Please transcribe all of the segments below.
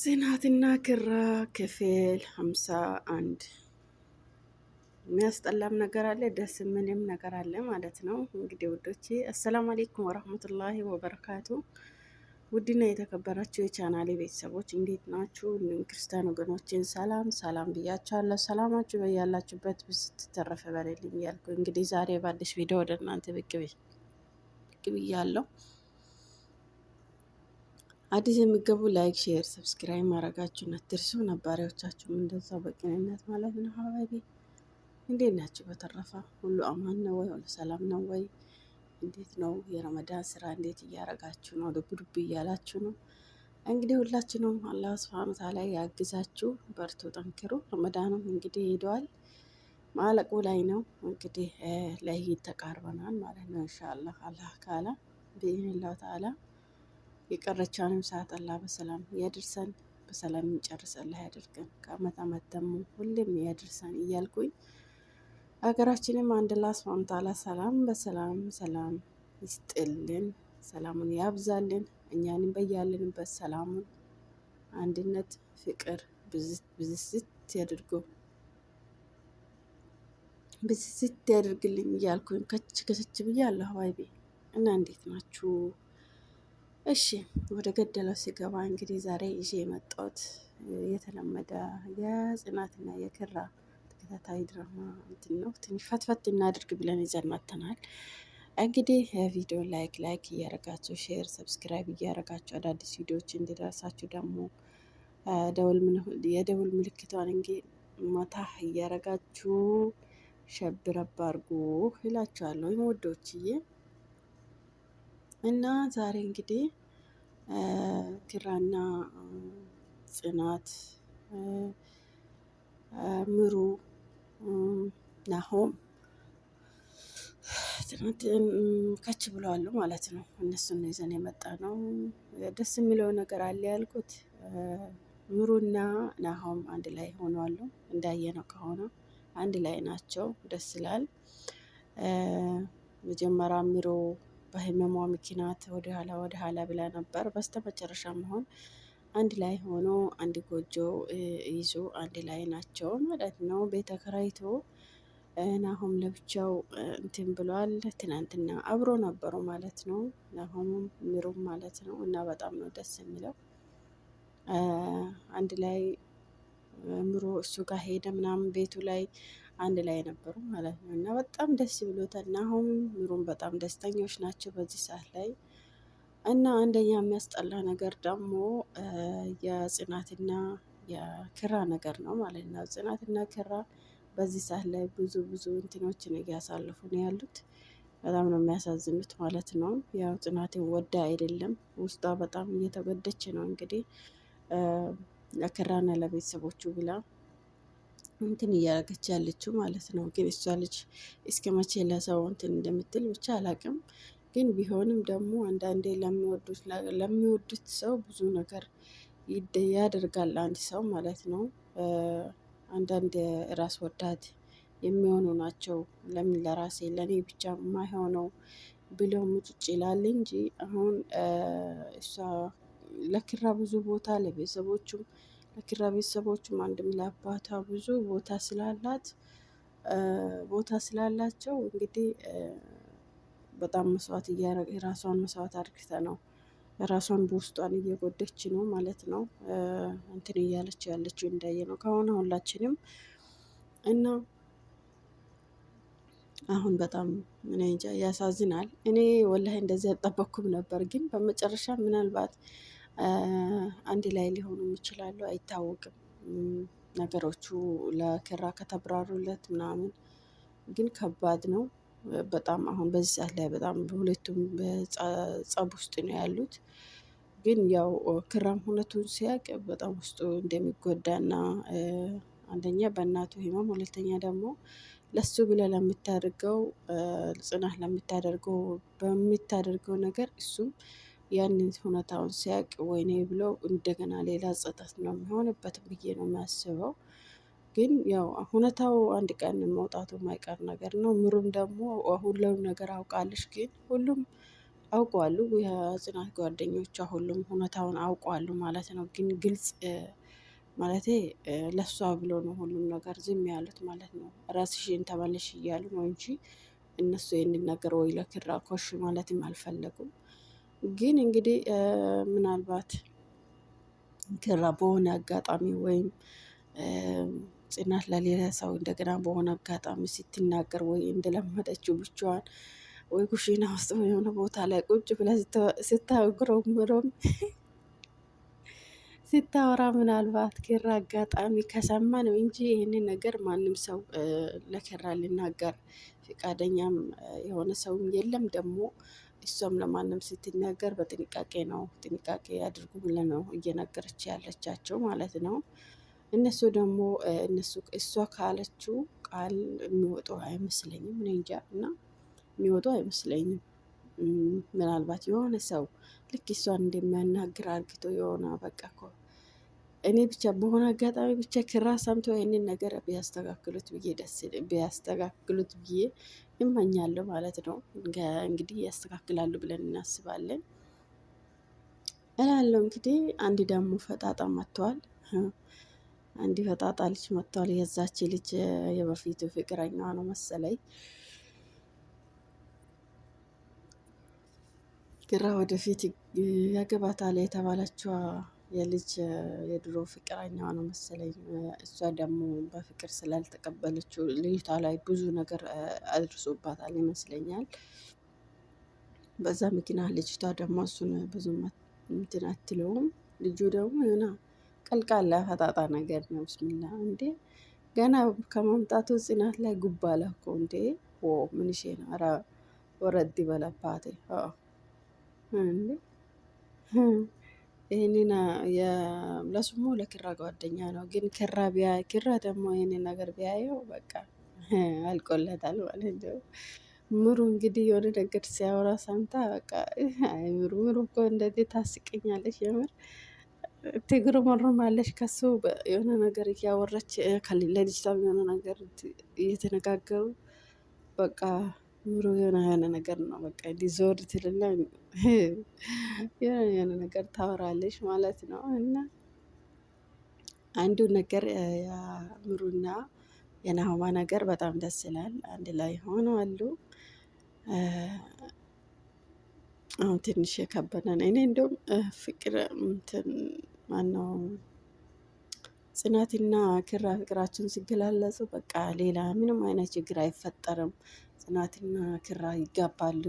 ጽናትና ክራ ክፍል ሀምሳ አንድ የሚያስጠላም ነገር አለ፣ ደስ ምንም ነገር አለ ማለት ነው። እንግዲህ ውዶች አሰላሙ አሌይኩም ወረህመቱላሂ ወበረካቱ። ውድና የተከበራችሁ የቻናሌ ቤተሰቦች እንዴት ናችሁ? እንዲሁም ክርስቲያን ወገኖችን ሰላም ሰላም ብያችኋለሁ። ሰላማችሁ በያላችሁበት ብስትተረፈ በሌልኝ እያልኩ እንግዲህ ዛሬ በአዲስ ቪዲዮ ወደ እናንተ ብቅ ብያለሁ። አዲስ የሚገቡ ላይክ፣ ሼር፣ ሰብስክራይብ ማድረጋችሁን አትርሱ። ነባሪዎቻችሁም እንደዛው በቅንነት ማለት ነው። ሀባቢ እንዴት ናችሁ? በተረፈ ሁሉ አማን ነው ወይ? ሁሉ ሰላም ነው ወይ? እንዴት ነው የረመዳን ስራ እንዴት እያረጋችሁ ነው? ዱብ እያላችሁ ነው። እንግዲህ ሁላችንም አላህ ሱብሃነሁ ወተዓላ ያግዛችሁ። በርቱ፣ ጠንክሩ። ረመዳንም እንግዲህ ሄደዋል፣ ማለቁ ላይ ነው። እንግዲህ ለኢድ ተቃርበናል ማለት ነው። ኢንሻአላህ አላህ ካላ ቢኢዝኒላህ ተዓላ የቀረቻንም ሰዓት አላህ በሰላም ያድርሰን በሰላም እንጨርሰላ ያደርገን፣ ከአመት አመት ደግሞ ሁሌም ያድርሰን እያልኩኝ ሀገራችንም አንድ ላስማም ሰላም በሰላም ሰላም ይስጥልን፣ ሰላሙን ያብዛልን፣ እኛንም በያለንበት ሰላሙን፣ አንድነት፣ ፍቅር ብዝስት ያድርጎ ብዝስት ያደርግልኝ እያልኩኝ ከች ከሰች ብዬ አለሁ። ሀይቤ እና እንዴት ናችሁ? እሺ ወደ ገደለው ሲገባ እንግዲህ ዛሬ ይዤ የመጣሁት የተለመደ የጽናትና የክራ ተከታታይ ድራማ እንትን ነው። ትንሽ ፈትፈት እናድርግ ብለን ይዘን መጥተናል። እንግዲህ ቪዲዮ ላይክ ላይክ እያደረጋችሁ ሼር፣ ሰብስክራይብ እያደረጋችሁ አዳዲስ ቪዲዮዎች እንዲደርሳችሁ ደግሞ የደውል ምልክቷን እንግዲህ መታ እያደረጋችሁ ሸብረባርጉ ይላችኋለሁ እላችኋለሁ ወዶችዬ። እና ዛሬ እንግዲህ ኪራና ጽናት ምሩ ናሆም ጽናት ከች ብለዋሉ ማለት ነው። እነሱን ነው ይዘን የመጣ ነው። ደስ የሚለው ነገር አለ ያልኩት ምሩና ናሆም አንድ ላይ ሆኗሉ። እንዳየነው ከሆነ አንድ ላይ ናቸው። ደስ ይላል። መጀመሪያ ምሩ በህመሟ ምክንያት ወደ ኋላ ወደ ኋላ ብላ ነበር። በስተ መጨረሻ መሆን አንድ ላይ ሆኖ አንድ ጎጆ ይዞ አንድ ላይ ናቸው ማለት ነው። ቤተ ክራይቶ ናሆም ለብቻው እንትን ብሏል። ትናንትና አብሮ ነበሩ ማለት ነው። ናሆምም ምሩም ማለት ነው። እና በጣም ነው ደስ የሚለው አንድ ላይ ምሮ እሱ ጋር ሄደ ምናምን ቤቱ ላይ አንድ ላይ ነበሩ ማለት ነው። እና በጣም ደስ ብሎታል። እና አሁን ምሩም በጣም ደስተኞች ናቸው በዚህ ሰዓት ላይ እና አንደኛ የሚያስጠላ ነገር ደግሞ የጽናትና የክራ ነገር ነው ማለት ነው። ጽናትና ክራ በዚህ ሰዓት ላይ ብዙ ብዙ እንትኖችን እያሳለፉ ነው ያሉት። በጣም ነው የሚያሳዝኑት ማለት ነው። ያው ጽናትን ወዳ አይደለም ውስጧ በጣም እየተጎደች ነው እንግዲህ ለክራና ለቤተሰቦቹ ብላ እንትን እያደረገች ያለችው ማለት ነው። ግን እሷ ልጅ እስከ መቼ ለሰው እንትን እንደምትል ብቻ አላቅም። ግን ቢሆንም ደግሞ አንዳንዴ ለሚወዱት ሰው ብዙ ነገር ያደርጋል አንድ ሰው ማለት ነው። አንዳንድ ራስ ወዳድ የሚሆኑ ናቸው። ለምን ለራሴ ለእኔ ብቻ የማይሆነው ብለው ሙጭጭ ይላል እንጂ አሁን እሷ ለኪራ ብዙ ቦታ ለቤተሰቦቹም ለኪራ ቤተሰቦችም አንድም ለአባቷ ብዙ ቦታ ስላላት ቦታ ስላላቸው እንግዲህ በጣም መስዋዕት እያረገ የራሷን መስዋዕት አድርግተ ነው ራሷን በውስጧን እየጎደች ነው ማለት ነው። እንትን እያለች ያለችው እንዳየ ነው ከሆነ ሁላችንም እና አሁን በጣም ምን እንጃ ያሳዝናል። እኔ ወላሂ እንደዚህ አልጠበኩም ነበር፣ ግን በመጨረሻ ምናልባት አንድ ላይ ሊሆኑም ይችላሉ፣ አይታወቅም። ነገሮቹ ለኪራ ከተብራሩለት ምናምን ግን ከባድ ነው በጣም አሁን በዚህ ሰዓት ላይ በጣም በሁለቱም ጸብ ውስጥ ነው ያሉት። ግን ያው ክራም ሁነቱን ሲያቅ በጣም ውስጡ እንደሚጎዳ እንደሚጎዳና አንደኛ በእናቱ ሕመም ሁለተኛ ደግሞ ለሱ ብለ ለምታደርገው ጽናት ለምታደርገው በምታደርገው ነገር እሱም ያንን ሁኔታውን ሲያቅ ወይኔ ብሎ እንደገና ሌላ ጸጠት ነው የሚሆንበት ብዬ ነው የሚያስበው። ግን ያው ሁኔታው አንድ ቀን መውጣቱ የማይቀር ነገር ነው። ምሩም ደግሞ ሁሉም ነገር አውቃለች። ግን ሁሉም አውቋሉ፣ የጽናት ጓደኞቿ ሁሉም ሁኔታውን አውቋሉ ማለት ነው። ግን ግልጽ ማለት ለሷ ብሎ ነው ሁሉም ነገር ዝም ያሉት ማለት ነው። ራስሽን ተመለሽ እያሉ ነው እንጂ እነሱ ይህንን ነገር ወይ ለክራ ኮሽ ማለትም አልፈለጉም። ግን እንግዲህ ምናልባት ኪራ በሆነ አጋጣሚ ወይም ጽናት ለሌላ ሰው እንደገና በሆነ አጋጣሚ ስትናገር ወይ እንደለመደችው ብቻዋን ወይ ኩሽና ውስጥ የሆነ ቦታ ላይ ቁጭ ብለ ስታጉረምረም ስታወራ ምናልባት ኪራ አጋጣሚ ከሰማ ነው እንጂ ይህንን ነገር ማንም ሰው ለኪራ ሊናገር ፈቃደኛም የሆነ ሰውም የለም ደግሞ እሷም ለማንም ስትነገር በጥንቃቄ ነው፣ ጥንቃቄ አድርጉ ብለ ነው እየነገረች ያለቻቸው ማለት ነው። እነሱ ደግሞ እነሱ እሷ ካለችው ቃል የሚወጡ አይመስለኝም። እኔ እንጃ እና የሚወጡ አይመስለኝም። ምናልባት የሆነ ሰው ልክ እሷን እንደሚያናግር አርግቶ የሆነ በቃ እኔ ብቻ በሆነ አጋጣሚ ብቻ ክራ ሰምተው ይህንን ነገር ቢያስተካክሉት ብዬ ደስ ቢያስተካክሉት ብዬ እመኛለሁ ማለት ነው። እንግዲህ ያስተካክላሉ ብለን እናስባለን እላለሁ። እንግዲህ አንድ ደግሞ ፈጣጣ መጥተዋል። አንድ ፈጣጣ ልጅ መጥተዋል። የዛች ልጅ የበፊቱ ፍቅረኛዋ ነው መሰለኝ ግራ ወደፊት ያገባታል የተባለችዋ የልጅ የድሮ ፍቅረኛዋ ነው መሰለኝ። እሷ ደግሞ በፍቅር ስላልተቀበለችው ልጅቷ ላይ ብዙ ነገር አድርሶባታል ይመስለኛል። በዛ ምክንያት ልጅቷ ደግሞ እሱን ብዙ እንትን አትለውም። ልጁ ደግሞ የሆነ ቀልቃላ ፈጣጣ ነገር ነው። ብስሚላ እንዴ! ገና ከመምጣቱ ጽናት ላይ ጉባላ እኮ እንዴ! ምንሽ ነው? ኧረ ወረድ በለባት እንዴ! ይህንን ለስሙ ለኪራ ጓደኛ ነው፣ ግን ኪራ ቢያ ኪራ ደግሞ ይህንን ነገር ቢያየው በቃ አልቆለታል ማለት ነው። ምሩ እንግዲህ የሆነ ነገር ሲያወራ ሰምታ በቃ ምሩ ምሩ እኮ እንደዚህ ታስቀኛለች የምር ትግሩ መርማለች ከሱ የሆነ ነገር እያወራች ለልጅቷም የሆነ ነገር እየተነጋገሩ በቃ ኑሮ የሆነ የሆነ ነገር ነው። በቃ ዲዞር ትልና የሆነ የሆነ ነገር ታወራለች ማለት ነው። እና አንዱ ነገር የምሩና የናሆማ ነገር በጣም ደስ ይላል። አንድ ላይ ሆኖ አሉ። አሁን ትንሽ ነው። እኔ እንደውም ፍቅር እንትን ማነው ጽናትና ክራ ፍቅራችን ሲገላለጹ በቃ ሌላ ምንም አይነት ችግር አይፈጠርም። ጽናትና ክራ ይጋባሉ።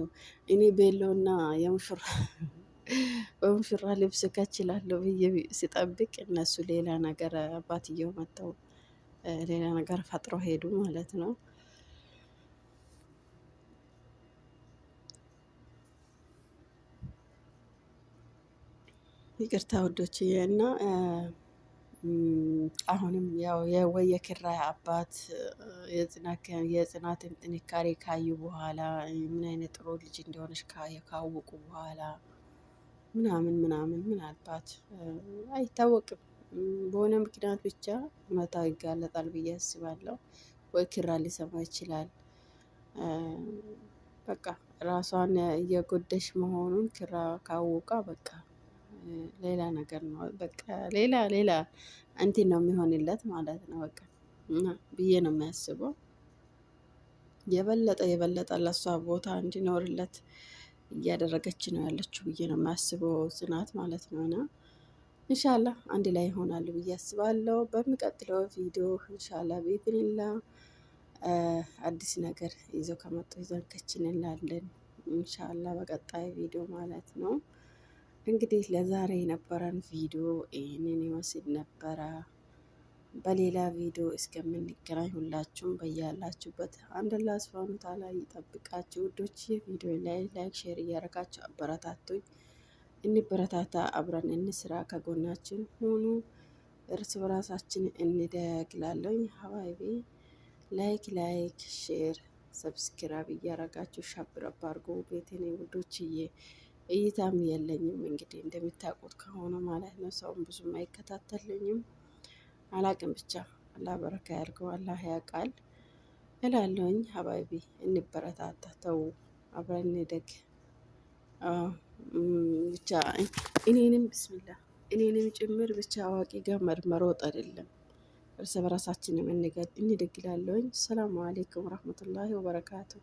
እኔ ቤሎና የሙሽራ ልብስ ከችላለሁ ብዬ ስጠብቅ እነሱ ሌላ ነገር አባትየው መጥተው ሌላ ነገር ፈጥሮ ሄዱ ማለት ነው። ይቅርታ ውዶችዬ እና አሁንም ያው ክራ አባት የጽናትን ጥንካሬ ካዩ በኋላ ምን አይነት ጥሩ ልጅ እንደሆነች ካወቁ በኋላ ምናምን ምናምን ምናልባት አይታወቅም። በሆነ ምክንያት ብቻ እውነታው ይጋለጣል ብዬ አስባለሁ። ወይ ኪራ ሊሰማ ይችላል። በቃ ራሷን እየጎደሽ መሆኑን ኪራ ካወቃ በቃ ሌላ ነገር ነው። በቃ ሌላ ሌላ እንትን ነው የሚሆንለት ማለት ነው። በቃ እና ብዬ ነው የሚያስበው የበለጠ የበለጠ ለሷ ቦታ እንዲኖርለት እያደረገች ነው ያለችው ብዬ ነው የማስበው ጽናት ማለት ነው። እና እንሻላ አንድ ላይ ይሆናሉ ብዬ አስባለሁ። በሚቀጥለው ቪዲዮ እንሻላ ቤትንላ አዲስ ነገር ይዘው ከመጡ ይዘን ከችን እንላለን። እንሻላ በቀጣይ ቪዲዮ ማለት ነው። እንግዲህ ለዛሬ የነበረን ቪዲዮ ይህንን ይመስል ነበረ። በሌላ ቪዲዮ እስከምንገናኝ ሁላችሁም በያላችሁበት አንድ አላህ ሱብሃነሁ ወተዓላ ይጠብቃችሁ። ውዶች ቪዲዮ ላይ ላይክ፣ ሼር እያደረጋችሁ አበረታቱኝ። እንበረታታ፣ አብረን እንስራ፣ ከጎናችን ሆኑ፣ እርስ በራሳችን እንደግላለኝ። ሀባይቢ ላይክ ላይክ ሼር ሰብስክራይብ እያደረጋችሁ ሻብረባርጎ አድርጎ ቤቴኔ ውዶችዬ እይታም የለኝም። እንግዲህ እንደሚታውቁት ከሆነ ማለት ነው ሰውም ብዙም አይከታተልኝም። አላቅም ብቻ አላህ በረካ ያድርገው፣ አላህ ያውቃል እላለሁኝ። ሀባይቢ እንበረታታ፣ ተው አብረን እንደግ። ብቻ እኔንም ብስሚላ እኔንም ጭምር ብቻ አዋቂ ጋር መርመሮጥ አይደለም እርስ በራሳችንም እንደግ እላለሁኝ። ሰላሙ አሌይኩም ረህመቱላሂ ወበረካቱ።